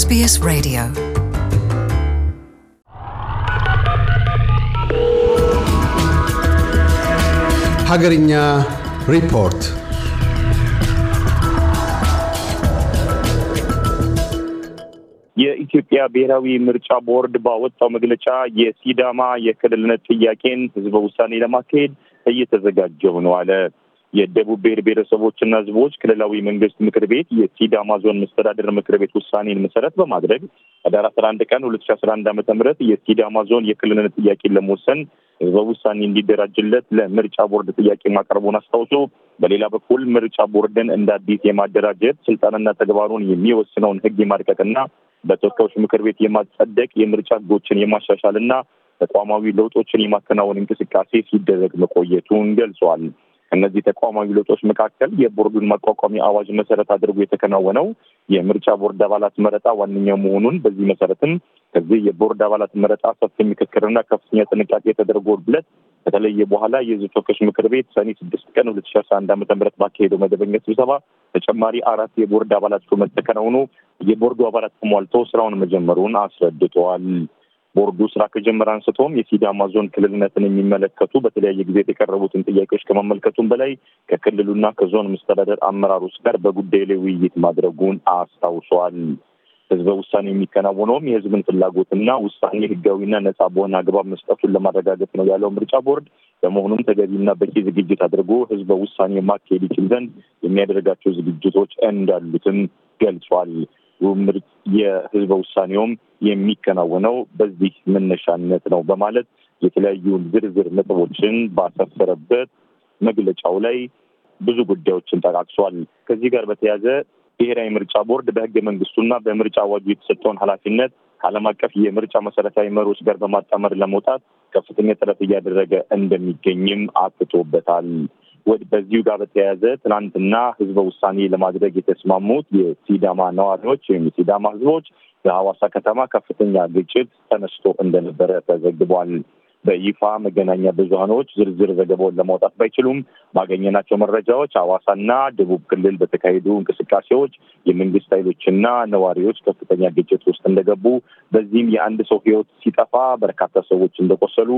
SBS ሬዲዮ ሀገርኛ ሪፖርት የኢትዮጵያ ብሔራዊ ምርጫ ቦርድ ባወጣው መግለጫ የሲዳማ የክልልነት ጥያቄን ህዝበ ውሳኔ ለማካሄድ እየተዘጋጀው ነው አለ። የደቡብ ብሔር ብሔረሰቦችና ህዝቦች ክልላዊ መንግስት ምክር ቤት የሲዳማ ዞን መስተዳደር ምክር ቤት ውሳኔን መሰረት በማድረግ ህዳር አስራ አንድ ቀን ሁለት ሺ አስራ አንድ አመተ ምህረት የሲዳማ ዞን የክልልነት ጥያቄ ለመወሰን ህዝበ ውሳኔ እንዲደራጅለት ለምርጫ ቦርድ ጥያቄ ማቅረቡን አስታውሶ በሌላ በኩል ምርጫ ቦርድን እንደ አዲስ የማደራጀት ስልጣንና ተግባሩን የሚወስነውን ህግ የማድቀቅና በተወካዮች ምክር ቤት የማጸደቅ የምርጫ ህጎችን የማሻሻልና ተቋማዊ ለውጦችን የማከናወን እንቅስቃሴ ሲደረግ መቆየቱን ገልጿል። ከእነዚህ ተቋማዊ ለውጦች መካከል የቦርዱን ማቋቋሚያ አዋጅ መሰረት አድርጎ የተከናወነው የምርጫ ቦርድ አባላት መረጣ ዋነኛው መሆኑን በዚህ መሰረትም ከዚህ የቦርድ አባላት መረጣ ሰፊ ምክክርና ከፍተኛ ጥንቃቄ ተደርጎለት ከተለየ በኋላ የህዝብ ተወካዮች ምክር ቤት ሰኔ ስድስት ቀን ሁለት ሺ አስራ አንድ ዓመተ ምህረት ባካሄደው መደበኛ ስብሰባ ተጨማሪ አራት የቦርድ አባላት ሹመት ተከናውኖ የቦርዱ አባላት ተሟልተው ስራውን መጀመሩን አስረድተዋል። ቦርዱ ስራ ከጀመረ አንስቶም የሲዳማ ዞን ክልልነትን የሚመለከቱ በተለያየ ጊዜ የቀረቡትን ጥያቄዎች ከመመልከቱም በላይ ከክልሉና ከዞን መስተዳደር አመራሮች ጋር በጉዳይ ላይ ውይይት ማድረጉን አስታውሷል። ህዝበ ውሳኔ የሚከናወነውም የህዝብን ፍላጎትና ውሳኔ ህጋዊና ነጻ በሆነ አግባብ መስጠቱን ለማረጋገጥ ነው ያለው ምርጫ ቦርድ። በመሆኑም ተገቢና በቂ ዝግጅት አድርጎ ህዝበ ውሳኔ ማካሄድ ይችል ዘንድ የሚያደርጋቸው ዝግጅቶች እንዳሉትም ገልጿል። ምርጫ የህዝበ ውሳኔውም የሚከናወነው በዚህ መነሻነት ነው በማለት የተለያዩ ዝርዝር ነጥቦችን ባሰፈረበት መግለጫው ላይ ብዙ ጉዳዮችን ጠቃቅሷል። ከዚህ ጋር በተያያዘ ብሔራዊ ምርጫ ቦርድ በህገ መንግስቱና በምርጫ አዋጁ የተሰጠውን ኃላፊነት ከዓለም አቀፍ የምርጫ መሰረታዊ መሪዎች ጋር በማጣመር ለመውጣት ከፍተኛ ጥረት እያደረገ እንደሚገኝም አክቶበታል። በዚሁ ጋር በተያያዘ ትናንትና ህዝበ ውሳኔ ለማድረግ የተስማሙት የሲዳማ ነዋሪዎች ወይም የሲዳማ ህዝቦች በሐዋሳ ከተማ ከፍተኛ ግጭት ተነስቶ እንደነበረ ተዘግቧል። በይፋ መገናኛ ብዙሀኖች ዝርዝር ዘገባውን ለማውጣት ባይችሉም ባገኘናቸው መረጃዎች አዋሳና ደቡብ ክልል በተካሄዱ እንቅስቃሴዎች የመንግስት ኃይሎችና ነዋሪዎች ከፍተኛ ግጭት ውስጥ እንደገቡ፣ በዚህም የአንድ ሰው ህይወት ሲጠፋ በርካታ ሰዎች እንደቆሰሉ፣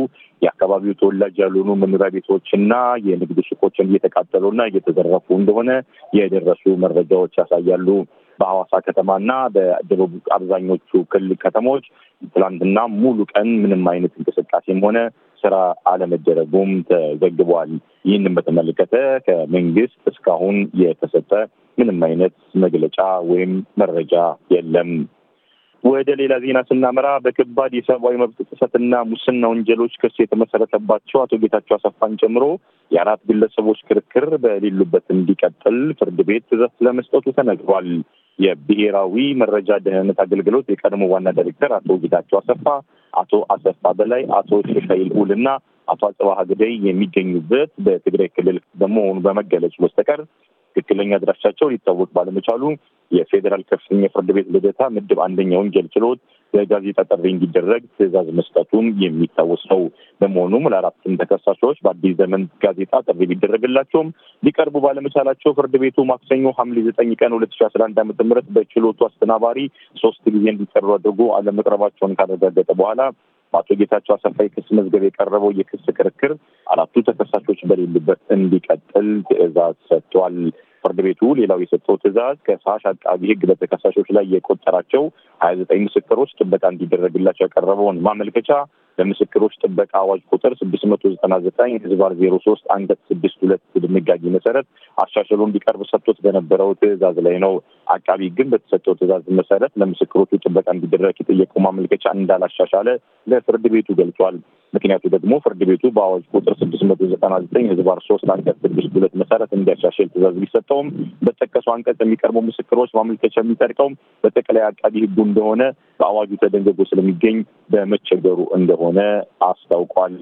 የአካባቢው ተወላጅ ያልሆኑ መኖሪያ ቤቶችና የንግድ ሱቆችን እየተቃጠሉና እየተዘረፉ እንደሆነ የደረሱ መረጃዎች ያሳያሉ። በሐዋሳ ከተማና በደቡብ አብዛኞቹ ክልል ከተሞች ትላንትና ሙሉ ቀን ምንም አይነት እንቅስቃሴም ሆነ ስራ አለመደረጉም ተዘግቧል። ይህንን በተመለከተ ከመንግስት እስካሁን የተሰጠ ምንም አይነት መግለጫ ወይም መረጃ የለም። ወደ ሌላ ዜና ስናመራ በከባድ የሰብአዊ መብት ጥሰትና ሙስና ወንጀሎች ክስ የተመሰረተባቸው አቶ ጌታቸው አሰፋን ጨምሮ የአራት ግለሰቦች ክርክር በሌሉበት እንዲቀጥል ፍርድ ቤት ትዕዛዝ ለመስጠቱ ተነግሯል። የብሔራዊ መረጃ ደህንነት አገልግሎት የቀድሞ ዋና ዳይሬክተር አቶ ጌታቸው አሰፋ፣ አቶ አሰፋ በላይ፣ አቶ ሸሻይ ልዑል እና አቶ አጽባሀ ግደይ የሚገኙበት በትግራይ ክልል በመሆኑ በመገለጹ በስተቀር ትክክለኛ አድራሻቸው ሊታወቅ ባለመቻሉ የፌዴራል ከፍተኛ ፍርድ ቤት ልደታ ምድብ አንደኛ ወንጀል ችሎት በጋዜጣ ጥሪ እንዲደረግ ትዕዛዝ መስጠቱም የሚታወስ ነው። በመሆኑም ለአራቱም ተከሳሾች በአዲስ ዘመን ጋዜጣ ጥሪ ቢደረግላቸውም ሊቀርቡ ባለመቻላቸው ፍርድ ቤቱ ማክሰኞ ሐምሌ ዘጠኝ ቀን ሁለት ሺ አስራ አንድ ዓመተ ምህረት በችሎቱ አስተናባሪ ሶስት ጊዜ እንዲጠሩ አድርጎ አለመቅረባቸውን ካረጋገጠ በኋላ በአቶ ጌታቸው አሰፋ የክስ መዝገብ የቀረበው የክስ ክርክር አራቱ ተከሳሾች በሌሉበት እንዲቀጥል ትዕዛዝ ሰጥቷል። ፍርድ ቤቱ ሌላው የሰጠው ትዕዛዝ ከሳሽ አቃቢ ህግ በተከሳሾች ላይ የቆጠራቸው ሀያ ዘጠኝ ምስክሮች ጥበቃ እንዲደረግላቸው ያቀረበውን ማመልከቻ ለምስክሮች ጥበቃ አዋጅ ቁጥር ስድስት መቶ ዘጠና ዘጠኝ ህዝባር ዜሮ ሶስት አንቀጽ ስድስት ሁለት ድንጋጌ መሰረት አሻሽሎ እንዲቀርብ ሰጥቶት በነበረው ትዕዛዝ ላይ ነው። አቃቢ ግን በተሰጠው ትዕዛዝ መሰረት ለምስክሮቹ ጥበቃ እንዲደረግ የጠየቀው ማመልከቻ እንዳላሻሻለ ለፍርድ ቤቱ ገልጿል። ምክንያቱ ደግሞ ፍርድ ቤቱ በአዋጅ ቁጥር ስድስት መቶ ዘጠና ዘጠኝ ህዝባር ሶስት አንቀጽ ስድስት ሁለት መሰረት እንዲያሻሽል ትእዛዝ ቢሰጠውም በተጠቀሱ አንቀጽ የሚቀርበው ምስክሮች ማመልከቻ የሚጠርቀውም በጠቅላይ አቃቢ ህጉ እንደሆነ በአዋጁ ተደንግጎ ስለሚገኝ በመቸገሩ እንደሆነ አስታውቋል።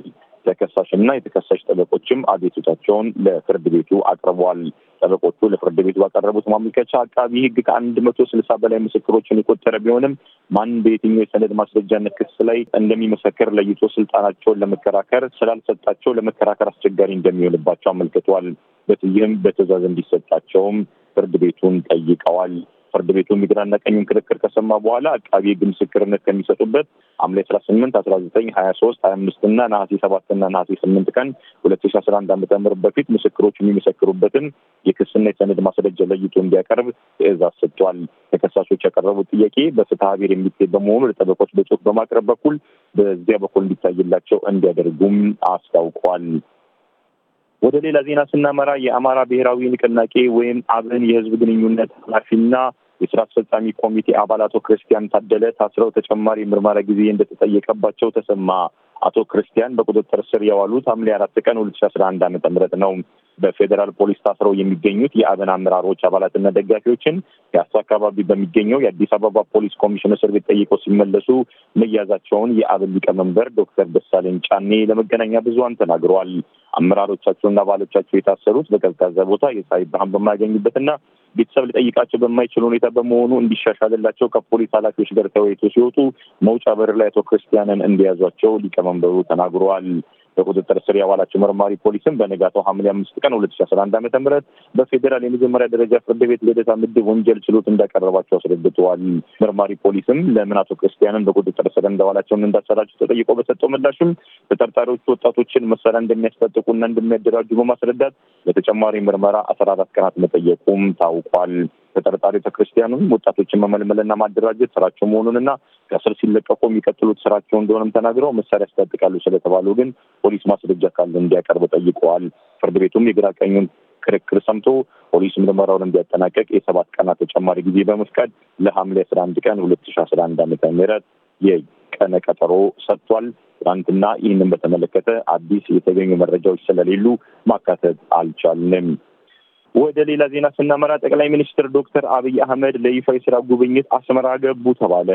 ተከሳሽና የተከሳሽ ጠበቆችም አቤቱታቸውን ለፍርድ ቤቱ አቅርበዋል። ጠበቆቹ ለፍርድ ቤቱ ባቀረቡት ማመልከቻ አቃቢ ሕግ ከአንድ መቶ ስልሳ በላይ ምስክሮችን የቆጠረ ቢሆንም ማን በየትኛው የሰነድ ማስረጃነት ክስ ላይ እንደሚመሰክር ለይቶ ስልጣናቸውን ለመከራከር ስላልሰጣቸው ለመከራከር አስቸጋሪ እንደሚሆንባቸው አመልክተዋል። በትይህም በትዕዛዝ እንዲሰጣቸውም ፍርድ ቤቱን ጠይቀዋል። ፍርድ ቤቱ ግራና ቀኙን ክርክር ከሰማ በኋላ አቃቢ ሕግ ምስክርነት ከሚሰጡበት ሐምሌ አስራ ስምንት አስራ ዘጠኝ ሀያ ሶስት ሀያ አምስት እና ነሐሴ ሰባት እና ነሐሴ ስምንት ቀን ሁለት ሺ አስራ አንድ አመተ ምህረት በፊት ምስክሮች የሚመሰክሩበትን የክስና የሰነድ ማስረጃ ለይቶ እንዲያቀርብ ትእዛዝ ሰጥቷል። ተከሳሾች ያቀረቡት ጥያቄ በፍትሐ ብሔር የሚታይ በመሆኑ ለጠበቆች በጽሁፍ በማቅረብ በኩል በዚያ በኩል እንዲታይላቸው እንዲያደርጉም አስታውቋል። ወደ ሌላ ዜና ስናመራ የአማራ ብሔራዊ ንቅናቄ ወይም አብን የህዝብ ግንኙነት ኃላፊና የስራ አስፈጻሚ ኮሚቴ አባል አቶ ክርስቲያን ታደለ ታስረው ተጨማሪ ምርመራ ጊዜ እንደተጠየቀባቸው ተሰማ። አቶ ክርስቲያን በቁጥጥር ስር የዋሉት ሐምሌ አራት ቀን ሁለት ሺ አስራ አንድ ዓመተ ምህረት ነው። በፌዴራል ፖሊስ ታስረው የሚገኙት የአብን አመራሮች አባላትና ደጋፊዎችን የአሶ አካባቢ በሚገኘው የአዲስ አበባ ፖሊስ ኮሚሽን እስር ቤት ጠይቀው ሲመለሱ መያዛቸውን የአብን ሊቀመንበር ዶክተር ደሳለኝ ጫኔ ለመገናኛ ብዙኃን ተናግረዋል። አመራሮቻቸውና አባሎቻቸው የታሰሩት በቀዝቃዛ ቦታ የፀሐይ ብርሃን በማያገኙበትና ቤተሰብ ሊጠይቃቸው በማይችል ሁኔታ በመሆኑ እንዲሻሻልላቸው ከፖሊስ ኃላፊዎች ጋር ተወያይቶ ሲወጡ መውጫ በር ላይ አቶ ክርስቲያንን እንደያዟቸው ሊቀመንበሩ ተናግረዋል። በቁጥጥር ስር ያዋላቸው መርማሪ ፖሊስም በንጋታው ሐምሌ አምስት ቀን ሁለት ሺ አስራ አንድ ዓመተ ምህረት በፌዴራል የመጀመሪያ ደረጃ ፍርድ ቤት ልደታ ምድብ ወንጀል ችሎት እንዳቀረባቸው አስረድተዋል። መርማሪ ፖሊስም ለምን አቶ ክርስቲያንን በቁጥጥር ስር እንደዋላቸውን እንዳሰራቸው ተጠይቆ በሰጠው ምላሽም ተጠርጣሪዎቹ ወጣቶችን መሳሪያ እንደሚያስታጥቁና እንደሚያደራጁ በማስረዳት ለተጨማሪ ምርመራ አስራ አራት ቀናት መጠየቁም ታውቋል። ተጠርጣሪ ቤተክርስቲያኑ ወጣቶችን መመልመልና ማደራጀት ስራቸው መሆኑንና ከስር ሲለቀቁ የሚቀጥሉት ስራቸው እንደሆነም ተናግረው መሳሪያ ያስታጥቃሉ ስለተባሉ ግን ፖሊስ ማስረጃ ካለ እንዲያቀርብ ጠይቀዋል። ፍርድ ቤቱም የግራ ቀኙን ክርክር ሰምቶ ፖሊስ ምርመራውን እንዲያጠናቀቅ የሰባት ቀናት ተጨማሪ ጊዜ በመፍቀድ ለሐምሌ አስራ አንድ ቀን ሁለት ሺ አስራ አንድ ዓመተ ምህረት የቀነ ቀጠሮ ሰጥቷል። ትናንትና ይህንን በተመለከተ አዲስ የተገኙ መረጃዎች ስለሌሉ ማካተት አልቻልንም። ወደ ሌላ ዜና ስናመራ ጠቅላይ ሚኒስትር ዶክተር አብይ አህመድ ለይፋ የስራ ጉብኝት አስመራ ገቡ ተባለ።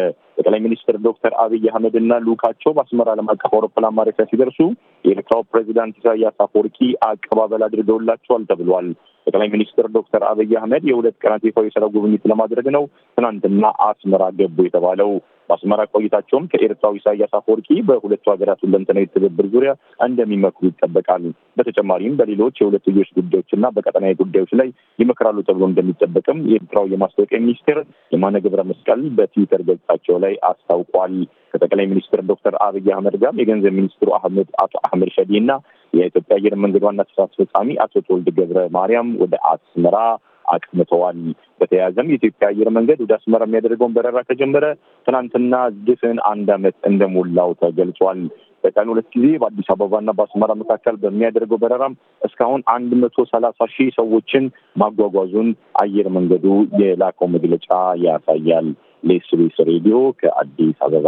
ጠቅላይ ሚኒስትር ዶክተር አብይ አህመድ እና ሉካቸው በአስመራ ዓለም አቀፍ አውሮፕላን ማረፊያ ሲደርሱ የኤርትራው ፕሬዚዳንት ኢሳያስ አፈወርቂ አቀባበል አድርገውላቸዋል ተብሏል። ጠቅላይ ሚኒስትር ዶክተር አብይ አህመድ የሁለት ቀናት ይፋዊ የስራ ጉብኝት ለማድረግ ነው ትናንትና አስመራ ገቡ የተባለው። በአስመራ ቆይታቸውም ከኤርትራው ኢሳያስ አፈወርቂ በሁለቱ ሀገራት ሁለንተናዊ ትብብር ዙሪያ እንደሚመክሩ ይጠበቃል። በተጨማሪም በሌሎች የሁለትዮሽ ጉዳዮችና በቀጠናዊ ጉዳዮች ላይ ይመክራሉ ተብሎ እንደሚጠበቅም የኤርትራው የማስታወቂያ ሚኒስቴር የማነ ግብረ መስቀል በትዊተር ገጻቸው ላይ አስታውቋል። ከጠቅላይ ሚኒስትር ዶክተር አብይ አህመድ ጋር የገንዘብ ሚኒስትሩ አህመድ አቶ አህመድ ሸዲ እና የኢትዮጵያ አየር መንገድ ዋና ስራ አስፈጻሚ አቶ ተወልደ ገብረ ማርያም ወደ አስመራ አቅምተዋል። በተያያዘም የኢትዮጵያ አየር መንገድ ወደ አስመራ የሚያደርገውን በረራ ከጀመረ ትናንትና ድፍን አንድ ዓመት እንደሞላው ተገልጿል። በቀን ሁለት ጊዜ በአዲስ አበባና በአስመራ መካከል በሚያደርገው በረራም እስካሁን አንድ መቶ ሰላሳ ሺህ ሰዎችን ማጓጓዙን አየር መንገዱ የላከው መግለጫ ያሳያል። ለኤስቢኤስ ሬዲዮ ከአዲስ አበባ